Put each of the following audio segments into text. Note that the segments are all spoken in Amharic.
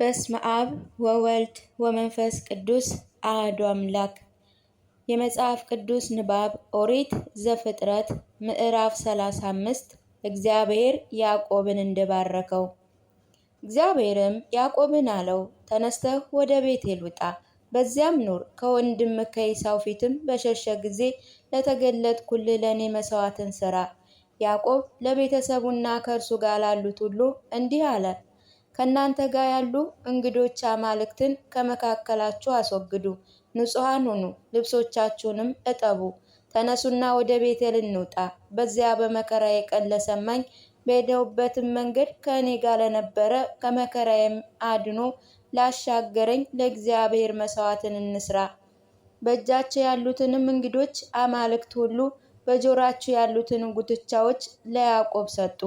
በስመ አብ ወወልድ ወመንፈስ ቅዱስ አሐዱ አምላክ። የመጽሐፍ ቅዱስ ንባብ ኦሪት ዘፍጥረት ምዕራፍ 35 እግዚአብሔር ያዕቆብን እንደባረከው። እግዚአብሔርም ያዕቆብን አለው፣ ተነስተህ ወደ ቤቴል ውጣ፣ በዚያም ኑር። ከወንድም ከዔሳው ፊትም በሸሸ ጊዜ ለተገለጥኩልህ ለእኔ መሥዋዕትን ሥራ። ያዕቆብ ለቤተሰቡና ከእርሱ ጋር ላሉት ሁሉ እንዲህ አለ፦ ከእናንተ ጋር ያሉ እንግዶች አማልክትን ከመካከላችሁ አስወግዱ፣ ንጹሐን ሁኑ፣ ልብሶቻችሁንም እጠቡ። ተነሱና ወደ ቤቴል እንውጣ፣ በዚያ በመከራዬ ቀን ለሰማኝ በሄደውበትም መንገድ ከእኔ ጋር ለነበረ ከመከራዬም አድኖ ላሻገረኝ ለእግዚአብሔር መስዋዕትን እንስራ። በእጃቸው ያሉትንም እንግዶች አማልክት ሁሉ በጆራችሁ ያሉትን ጉትቻዎች ለያዕቆብ ሰጡ።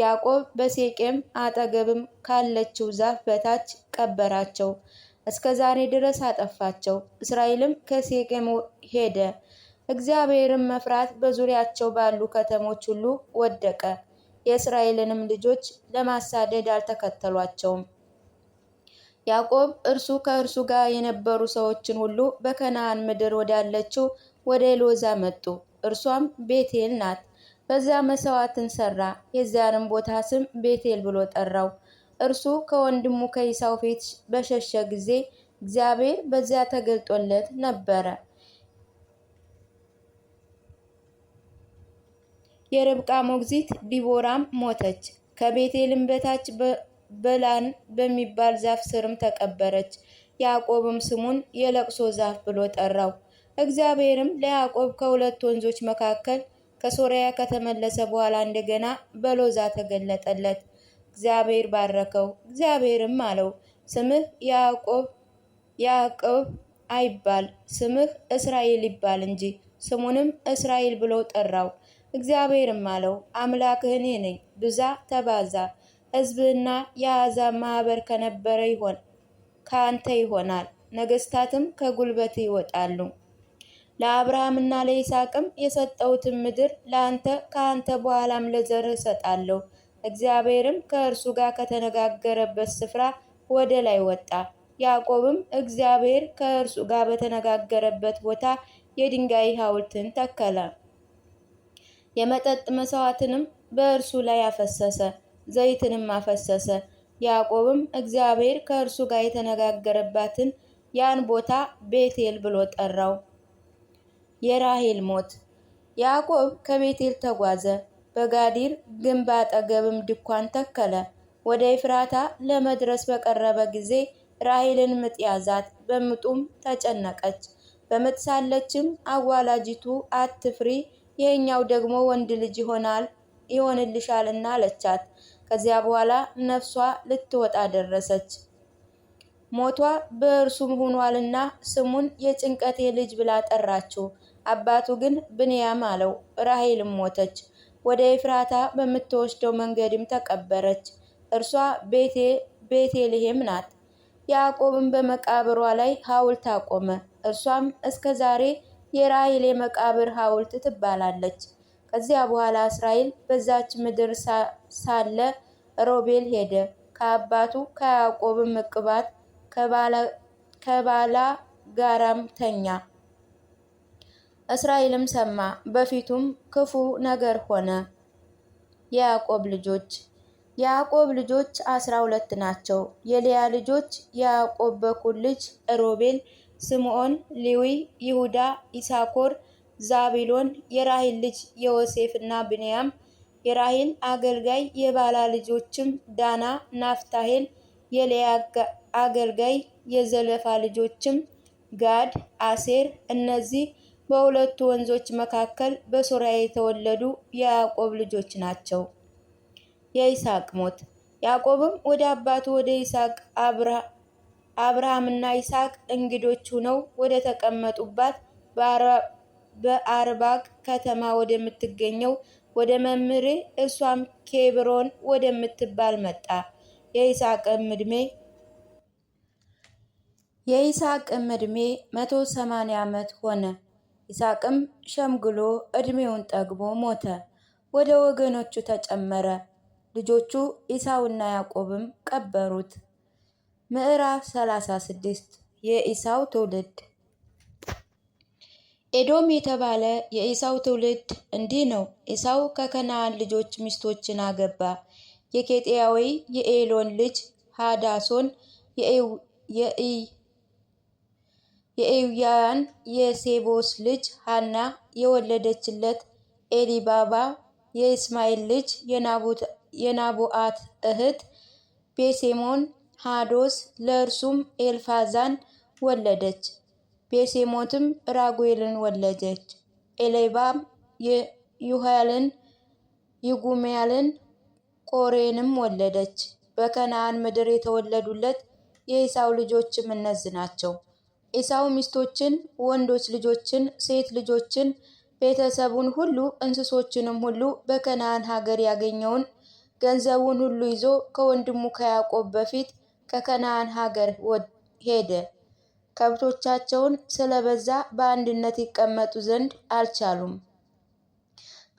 ያዕቆብ በሴቄም አጠገብም ካለችው ዛፍ በታች ቀበራቸው። እስከ ዛሬ ድረስ አጠፋቸው። እስራኤልም ከሴቄም ሄደ። እግዚአብሔርም መፍራት በዙሪያቸው ባሉ ከተሞች ሁሉ ወደቀ። የእስራኤልንም ልጆች ለማሳደድ አልተከተሏቸውም። ያዕቆብ እርሱ ከእርሱ ጋር የነበሩ ሰዎችን ሁሉ በከነዓን ምድር ወዳለችው ወደ ሎዛ መጡ። እርሷም ቤቴል ናት። በዛ መሰዋትን ሰራ የዚያንም ቦታ ስም ቤቴል ብሎ ጠራው። እርሱ ከወንድሙ ከይሳው ፊት በሸሸ ጊዜ እግዚአብሔር በዚያ ተገልጦለት ነበረ። የርብቃ ሞግዚት ዲቦራም ሞተች። ከቤቴልም በታች በላን በሚባል ዛፍ ስርም ተቀበረች። ያዕቆብም ስሙን የለቅሶ ዛፍ ብሎ ጠራው። እግዚአብሔርም ለያዕቆብ ከሁለት ወንዞች መካከል ከሶሪያ ከተመለሰ በኋላ እንደገና በሎዛ ተገለጠለት። እግዚአብሔር ባረከው። እግዚአብሔርም አለው ስምህ ያዕቆብ ያዕቆብ አይባል ስምህ እስራኤል ይባል እንጂ። ስሙንም እስራኤል ብሎ ጠራው። እግዚአብሔርም አለው አምላክህ እኔ ነኝ፣ ብዛ ተባዛ፣ ሕዝብህና የአሕዛብ ማኅበር ከነበረ ይሆን ከአንተ ይሆናል፣ ነገስታትም ከጉልበት ይወጣሉ። ለአብርሃምና ለይስሐቅም የሰጠሁትን ምድር ለአንተ ከአንተ በኋላም ለዘርህ እሰጣለሁ። እግዚአብሔርም ከእርሱ ጋር ከተነጋገረበት ስፍራ ወደ ላይ ወጣ። ያዕቆብም እግዚአብሔር ከእርሱ ጋር በተነጋገረበት ቦታ የድንጋይ ሐውልትን ተከለ። የመጠጥ መሥዋዕትንም በእርሱ ላይ አፈሰሰ፣ ዘይትንም አፈሰሰ። ያዕቆብም እግዚአብሔር ከእርሱ ጋር የተነጋገረባትን ያን ቦታ ቤቴል ብሎ ጠራው። የራሄል ሞት። ያዕቆብ ከቤቴል ተጓዘ፣ በጋዲር ግንብ አጠገብም ድኳን ተከለ። ወደ ኤፍራታ ለመድረስ በቀረበ ጊዜ ራሄልን ምጥ ያዛት፣ በምጡም ተጨነቀች። በምጥ ሳለችም አዋላጅቱ አትፍሪ፣ ይህኛው ደግሞ ወንድ ልጅ ይሆናል ይሆንልሻልና አለቻት። ከዚያ በኋላ ነፍሷ ልትወጣ ደረሰች። ሞቷ በእርሱም ሆኗልና ስሙን የጭንቀቴ ልጅ ብላ ጠራችው። አባቱ ግን ብንያም አለው። ራሄልም ሞተች፣ ወደ ኤፍራታ በምትወስደው መንገድም ተቀበረች። እርሷ ቤቴ ቤቴልሔም ናት። ያዕቆብም በመቃብሯ ላይ ሐውልት አቆመ። እርሷም እስከ ዛሬ የራሄል የመቃብር ሐውልት ትባላለች። ከዚያ በኋላ እስራኤል በዛች ምድር ሳለ ሮቤል ሄደ፣ ከአባቱ ከያዕቆብም እቅባት ከባላ ጋራም ተኛ። እስራኤልም ሰማ፣ በፊቱም ክፉ ነገር ሆነ። የያዕቆብ ልጆች የያዕቆብ ልጆች አስራ ሁለት ናቸው። የልያ ልጆች የያዕቆብ በኩር ልጅ ሮቤል፣ ስምዖን፣ ሌዊ፣ ይሁዳ፣ ኢሳኮር፣ ዛቢሎን የራሂል ልጅ የዮሴፍ እና ብንያም የራሂል አገልጋይ የባላ ልጆችም ዳና፣ ናፍታሄል የሌያ አገልጋይ የዘለፋ ልጆችም ጋድ፣ አሴር እነዚህ በሁለቱ ወንዞች መካከል በሶሪያ የተወለዱ የያዕቆብ ልጆች ናቸው። የይስሐቅ ሞት። ያዕቆብም ወደ አባቱ ወደ ይስሐቅ አብርሃምና ይስሐቅ እንግዶች ሆነው ወደ ተቀመጡባት በአርባቅ ከተማ ወደምትገኘው ወደ መምሬ እሷም ኬብሮን ወደምትባል መጣ። የይስሐቅም ዕድሜ የይስሐቅም ዕድሜ መቶ ሰማንያ ዓመት ሆነ። ይስሐቅም ሸምግሎ ዕድሜውን ጠግቦ ሞተ፣ ወደ ወገኖቹ ተጨመረ። ልጆቹ ኢሳውና ያዕቆብም ቀበሩት። ምዕራፍ 36 የኢሳው ትውልድ ኤዶም የተባለ የኢሳው ትውልድ እንዲህ ነው። ኢሳው ከከነዓን ልጆች ሚስቶችን አገባ። የኬጢያዊ የኤሎን ልጅ ሃዳሶን የኤውያን የሴቦስ ልጅ ሃና የወለደችለት ኤሊባባ የእስማኤል ልጅ የናቡአት እህት ቤሴሞን ሃዶስ ለእርሱም ኤልፋዛን ወለደች። ቤሴሞትም ራጉኤልን ወለደች። ኤሌባም ዩሃልን፣ ይጉሜያልን፣ ቆሬንም ወለደች። በከነአን ምድር የተወለዱለት የኢሳው ልጆችም እነዚህ ናቸው። ኢሳው ሚስቶችን፣ ወንዶች ልጆችን፣ ሴት ልጆችን፣ ቤተሰቡን ሁሉ እንስሶችንም ሁሉ በከነአን ሀገር ያገኘውን ገንዘቡን ሁሉ ይዞ ከወንድሙ ከያዕቆብ በፊት ከከነአን ሀገር ሄደ። ከብቶቻቸውን ስለበዛ በአንድነት ይቀመጡ ዘንድ አልቻሉም።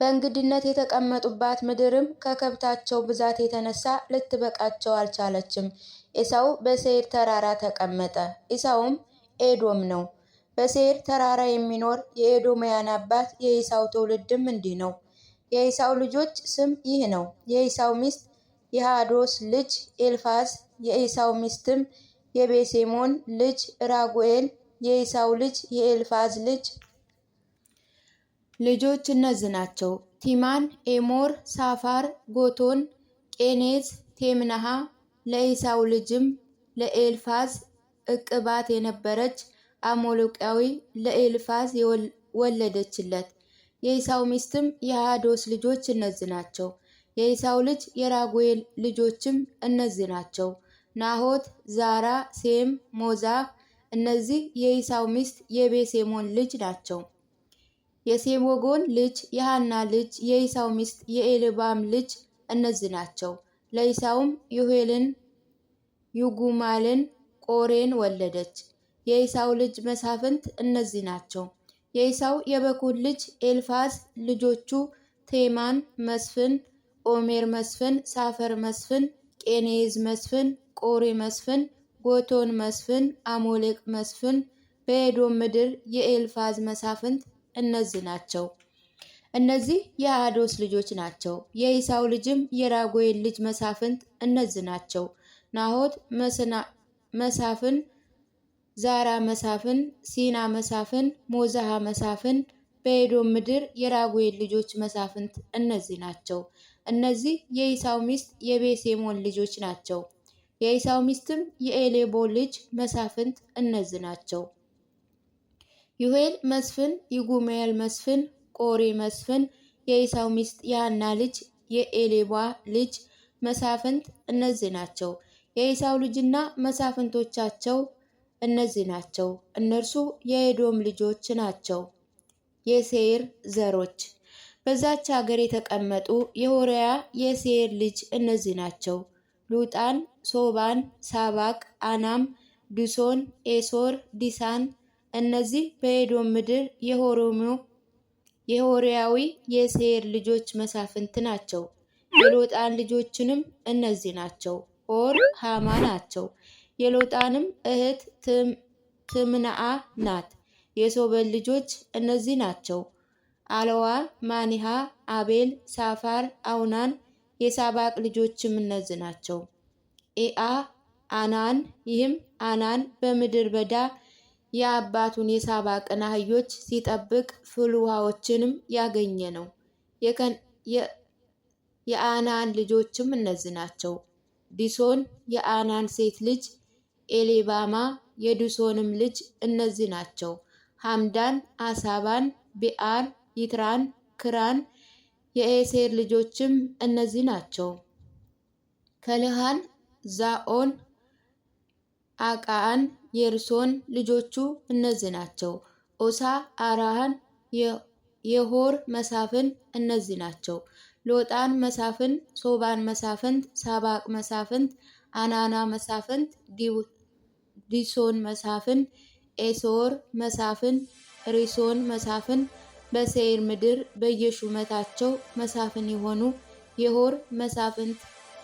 በእንግድነት የተቀመጡባት ምድርም ከከብታቸው ብዛት የተነሳ ልትበቃቸው አልቻለችም። ኤሳው በሴይር ተራራ ተቀመጠ። ኤሳውም ኤዶም ነው። በሴይር ተራራ የሚኖር የኤዶማያን አባት የኤሳው ትውልድም እንዲህ ነው። የኤሳው ልጆች ስም ይህ ነው። የኤሳው ሚስት የሃዶስ ልጅ ኤልፋዝ፣ የኤሳው ሚስትም የቤሴሞን ልጅ ራጉኤል፣ የኤሳው ልጅ የኤልፋዝ ልጅ ልጆች እነዚህ ናቸው፦ ቲማን፣ ኤሞር፣ ሳፋር፣ ጎቶን፣ ቄኔዝ፣ ቴምናሃ። ለኢሳው ልጅም ለኤልፋዝ እቅባት የነበረች አሞሎቃዊ ለኤልፋዝ ወለደችለት። የኢሳው ሚስትም የሃዶስ ልጆች እነዚህ ናቸው። የኢሳው ልጅ የራጉኤል ልጆችም እነዚህ ናቸው፣ ናሆት፣ ዛራ፣ ሴም፣ ሞዛ። እነዚህ የኢሳው ሚስት የቤሴሞን ልጅ ናቸው። የሴሞጎን ልጅ የሃና ልጅ የኢሳው ሚስት የኤልባም ልጅ እነዚህ ናቸው። ለኢሳውም ዮሄልን፣ ዩጉማልን፣ ቆሬን ወለደች። የኢሳው ልጅ መሳፍንት እነዚህ ናቸው። የኢሳው የበኩር ልጅ ኤልፋዝ ልጆቹ ቴማን መስፍን፣ ኦሜር መስፍን፣ ሳፈር መስፍን፣ ቄኔዝ መስፍን፣ ቆሬ መስፍን፣ ጎቶን መስፍን፣ አሞሌቅ መስፍን። በኤዶም ምድር የኤልፋዝ መሳፍንት እነዚህ ናቸው። እነዚህ የአዶስ ልጆች ናቸው። የኢሳው ልጅም የራጉኤል ልጅ መሳፍንት እነዚህ ናቸው። ናሆት መሳፍን፣ ዛራ መሳፍን፣ ሲና መሳፍን፣ ሞዛሃ መሳፍን፣ በኤዶም ምድር የራጉኤል ልጆች መሳፍንት እነዚህ ናቸው። እነዚህ የኢሳው ሚስት የቤሴሞን ልጆች ናቸው። የኢሳው ሚስትም የኤሌቦ ልጅ መሳፍንት እነዚህ ናቸው። ዩሄል መስፍን፣ ይጉሜል መስፍን፣ ቆሬ መስፍን፣ የኢሳው ሚስት የሀና ልጅ የኤሌባ ልጅ መሳፍንት እነዚህ ናቸው። የኢሳው ልጅና መሳፍንቶቻቸው እነዚህ ናቸው። እነርሱ የኤዶም ልጆች ናቸው፣ የሴይር ዘሮች። በዛች ሀገር የተቀመጡ የሆሪያ የሴር ልጅ እነዚህ ናቸው። ሉጣን፣ ሶባን፣ ሳባቅ፣ አናም፣ ዲሶን፣ ኤሶር፣ ዲሳን፣ እነዚህ በኤዶም ምድር የሆሪያዊ የሴር ልጆች መሳፍንት ናቸው። የሎጣን ልጆችንም እነዚህ ናቸው፣ ሆር ሃማ ናቸው። የሎጣንም እህት ትምናአ ናት። የሶበል ልጆች እነዚህ ናቸው፣ አለዋ፣ ማኒሃ፣ አቤል፣ ሳፋር፣ አውናን። የሳባቅ ልጆችም እነዚህ ናቸው፣ ኤአ አናን። ይህም አናን በምድር በዳ የአባቱን የሳባ አህዮች ሲጠብቅ ፍልውሃዎችንም ያገኘ ነው። የአናን ልጆችም እነዚህ ናቸው። ዲሶን የአናን ሴት ልጅ ኤሌባማ የዲሶንም ልጅ እነዚህ ናቸው። ሐምዳን፣ አሳባን፣ ቢአር፣ ይትራን፣ ክራን የኤሴር ልጆችም እነዚህ ናቸው። ከልሃን፣ ዛኦን፣ አቃአን የርሶን ልጆቹ እነዚህ ናቸው። ኦሳ አራህን የሆር መሳፍን እነዚህ ናቸው። ሎጣን መሳፍን፣ ሶባን መሳፍንት፣ ሳባቅ መሳፍንት፣ አናና መሳፍንት፣ ዲሶን መሳፍን፣ ኤሶር መሳፍን፣ ሪሶን መሳፍን በሴይር ምድር በየሹመታቸው መሳፍን የሆኑ የሆር መሳፍንት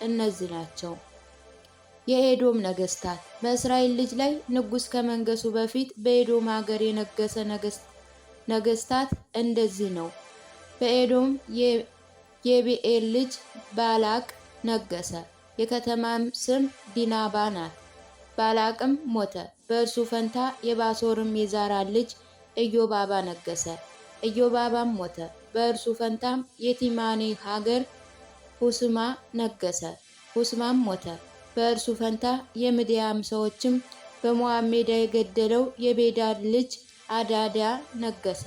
እነዚህ ናቸው። የኤዶም ነገስታት በእስራኤል ልጅ ላይ ንጉስ ከመንገሱ በፊት በኤዶም ሀገር የነገሰ ነገስታት እንደዚህ ነው። በኤዶም የቢኤል ልጅ ባላቅ ነገሰ። የከተማም ስም ዲናባ ናት። ባላቅም ሞተ። በእርሱ ፈንታ የባሶርም የዛራ ልጅ ኢዮባባ ነገሰ። ኢዮባባም ሞተ። በእርሱ ፈንታም የቲማኔ ሀገር ሁስማ ነገሰ። ሁስማም ሞተ። በእርሱ ፈንታ የምድያም ሰዎችም በሞዓብ ሜዳ የገደለው የቤዳድ ልጅ አዳዳ ነገሰ።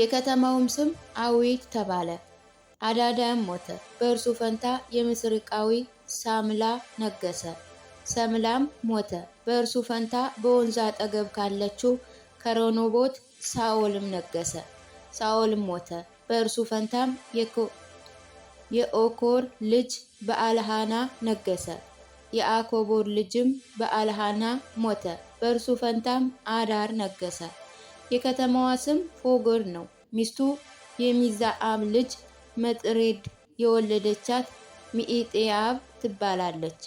የከተማውም ስም አዊት ተባለ። አዳዳም ሞተ። በእርሱ ፈንታ የምስርቃዊ ሳምላ ነገሰ። ሰምላም ሞተ። በእርሱ ፈንታ በወንዝ አጠገብ ካለችው ከሮኖቦት ሳኦልም ነገሰ። ሳኦልም ሞተ። በእርሱ ፈንታም የኦኮር ልጅ በአልሃና ነገሰ። የአኮቦር ልጅም በአልሃና ሞተ። በእርሱ ፈንታም አዳር ነገሰ። የከተማዋ ስም ፎጎር ነው። ሚስቱ የሚዛአም ልጅ መጥሬድ የወለደቻት ሚኢጤያብ ትባላለች።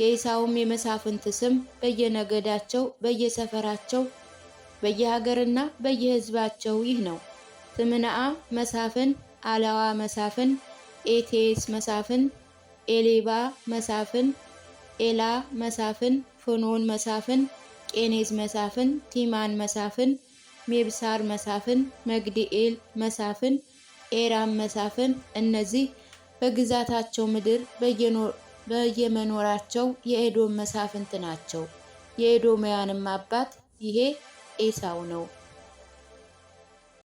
የኢሳውም የመሳፍንት ስም በየነገዳቸው በየሰፈራቸው በየሀገርና በየህዝባቸው ይህ ነው። ትምናአ መሳፍን፣ አላዋ መሳፍን፣ ኤቴስ መሳፍን፣ ኤሌባ መሳፍን፣ ኤላ መሳፍን፣ ፍኖን መሳፍን፣ ቄኔዝ መሳፍን፣ ቲማን መሳፍን፣ ሜብሳር መሳፍን፣ መግዲኤል መሳፍን፣ ኤራም መሳፍን። እነዚህ በግዛታቸው ምድር በየመኖራቸው የኤዶም መሳፍንት ናቸው። የኤዶማውያንም አባት ይሄ ኤሳው ነው።